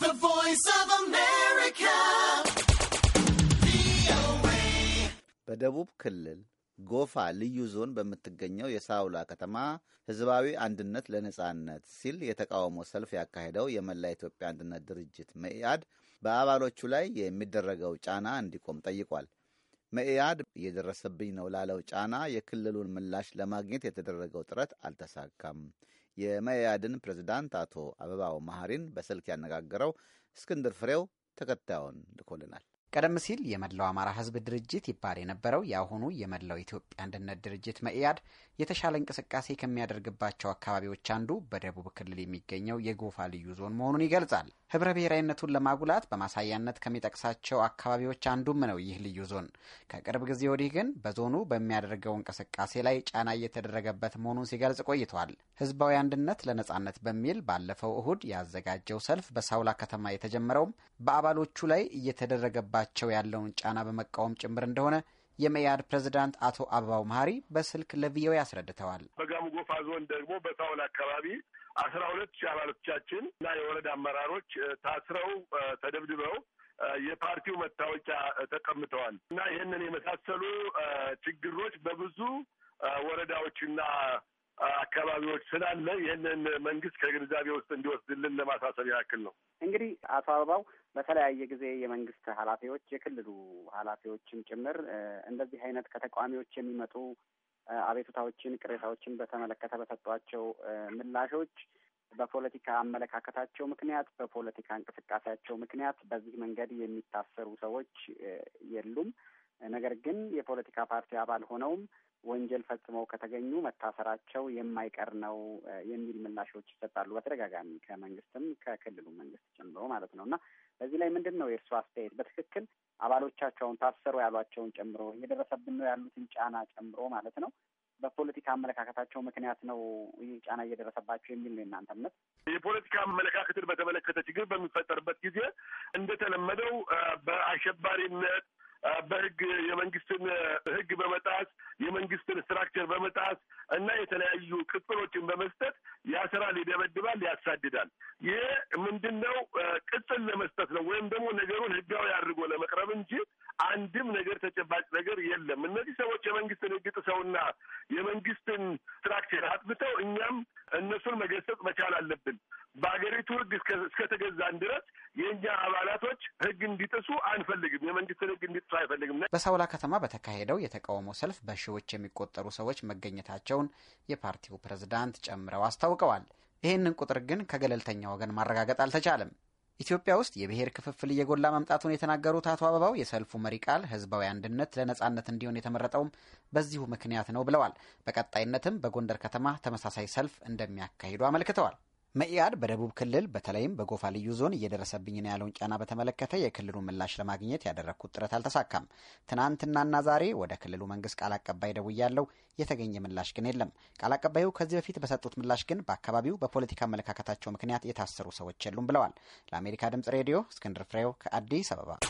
The Voice of America. በደቡብ ክልል ጎፋ ልዩ ዞን በምትገኘው የሳውላ ከተማ ህዝባዊ አንድነት ለነጻነት ሲል የተቃውሞ ሰልፍ ያካሄደው የመላ ኢትዮጵያ አንድነት ድርጅት መኢአድ በአባሎቹ ላይ የሚደረገው ጫና እንዲቆም ጠይቋል። መኢአድ እየደረሰብኝ ነው ላለው ጫና የክልሉን ምላሽ ለማግኘት የተደረገው ጥረት አልተሳካም። የመያድን ፕሬዝዳንት አቶ አበባው መሐሪን በስልክ ያነጋገረው እስክንድር ፍሬው ተከታዩን ልኮልናል። ቀደም ሲል የመላው አማራ ህዝብ ድርጅት ይባል የነበረው የአሁኑ የመላው ኢትዮጵያ አንድነት ድርጅት መኢአድ የተሻለ እንቅስቃሴ ከሚያደርግባቸው አካባቢዎች አንዱ በደቡብ ክልል የሚገኘው የጎፋ ልዩ ዞን መሆኑን ይገልጻል። ህብረ ብሔራዊነቱን ለማጉላት በማሳያነት ከሚጠቅሳቸው አካባቢዎች አንዱም ነው ይህ ልዩ ዞን። ከቅርብ ጊዜ ወዲህ ግን በዞኑ በሚያደርገው እንቅስቃሴ ላይ ጫና እየተደረገበት መሆኑን ሲገልጽ ቆይተዋል። ህዝባዊ አንድነት ለነጻነት በሚል ባለፈው እሁድ ያዘጋጀው ሰልፍ በሳውላ ከተማ የተጀመረውም በአባሎቹ ላይ እየተደረገባ በላያቸው ያለውን ጫና በመቃወም ጭምር እንደሆነ የመያድ ፕሬዝዳንት አቶ አበባው መሀሪ በስልክ ለቪኦኤ አስረድተዋል። በጋሙ ጎፋ ዞን ደግሞ በሳውል አካባቢ አስራ ሁለት ሺህ አባሎቻችን እና የወረዳ አመራሮች ታስረው ተደብድበው የፓርቲው መታወቂያ ተቀምጠዋል እና ይህንን የመሳሰሉ ችግሮች በብዙ ወረዳዎችና አካባቢዎች ስላለ ይህንን መንግስት ከግንዛቤ ውስጥ እንዲወስድልን ለማሳሰብ ያክል ነው። እንግዲህ አቶ አበባው በተለያየ ጊዜ የመንግስት ኃላፊዎች የክልሉ ኃላፊዎችም ጭምር እንደዚህ አይነት ከተቃዋሚዎች የሚመጡ አቤቱታዎችን፣ ቅሬታዎችን በተመለከተ በሰጧቸው ምላሾች በፖለቲካ አመለካከታቸው ምክንያት በፖለቲካ እንቅስቃሴያቸው ምክንያት በዚህ መንገድ የሚታሰሩ ሰዎች የሉም። ነገር ግን የፖለቲካ ፓርቲ አባል ሆነውም ወንጀል ፈጽመው ከተገኙ መታሰራቸው የማይቀር ነው የሚል ምላሾች ይሰጣሉ በተደጋጋሚ ከመንግስትም ከክልሉ መንግስት ጨምሮ ማለት ነው። እና በዚህ ላይ ምንድን ነው የእርሱ አስተያየት? በትክክል አባሎቻቸውን ታሰሩ ያሏቸውን ጨምሮ እየደረሰብን ነው ያሉትን ጫና ጨምሮ ማለት ነው በፖለቲካ አመለካከታቸው ምክንያት ነው ይህ ጫና እየደረሰባቸው የሚል ነው የእናንተ እምነት? የፖለቲካ አመለካከትን በተመለከተ ችግር በሚፈጠርበት ጊዜ እንደተለመደው በአሸባሪነት በህግ የመንግስትን ህግ በመጣስ የመንግስትን ስትራክቸር በመጣስ እና የተለያዩ ቅጽሎችን በመስጠት ያስራል፣ ይደበድባል፣ ያሳድዳል። ይሄ ምንድን ነው? ቅጽል ለመስጠት ነው ወይም ደግሞ ነገሩን ህጋዊ አድርጎ ለመቅረብ እንጂ አንድም ነገር ተጨባጭ ነገር የለም። እነዚህ ሰዎች የመንግስትን ህግ ጥሰውና የመንግስትን ስትራክቸር አጥብተው እኛም እነሱን መገሰጽ መቻል አለብን። በሀገሪቱ ህግ እስከተገዛን ድረስ የእኛ አባላቶች ህግ እንዲጥሱ አንፈልግም። የመንግስትን ህግ እንዲጥሱ አይፈልግም። በሳውላ ከተማ በተካሄደው የተቃውሞ ሰልፍ በሺዎች የሚቆጠሩ ሰዎች መገኘታቸውን የፓርቲው ፕሬዝዳንት ጨምረው አስታውቀዋል። ይህንን ቁጥር ግን ከገለልተኛ ወገን ማረጋገጥ አልተቻለም። ኢትዮጵያ ውስጥ የብሔር ክፍፍል እየጎላ መምጣቱን የተናገሩት አቶ አበባው የሰልፉ መሪ ቃል ህዝባዊ አንድነት ለነጻነት እንዲሆን የተመረጠውም በዚሁ ምክንያት ነው ብለዋል። በቀጣይነትም በጎንደር ከተማ ተመሳሳይ ሰልፍ እንደሚያካሂዱ አመልክተዋል። መኢአድ በደቡብ ክልል በተለይም በጎፋ ልዩ ዞን እየደረሰብኝ ነው ያለውን ጫና በተመለከተ የክልሉ ምላሽ ለማግኘት ያደረግኩት ጥረት አልተሳካም። ትናንትናና ዛሬ ወደ ክልሉ መንግስት ቃል አቀባይ ደውያለሁ። የተገኘ ምላሽ ግን የለም። ቃል አቀባዩ ከዚህ በፊት በሰጡት ምላሽ ግን በአካባቢው በፖለቲካ አመለካከታቸው ምክንያት የታሰሩ ሰዎች የሉም ብለዋል። ለአሜሪካ ድምጽ ሬዲዮ እስክንድር ፍሬው ከአዲስ አበባ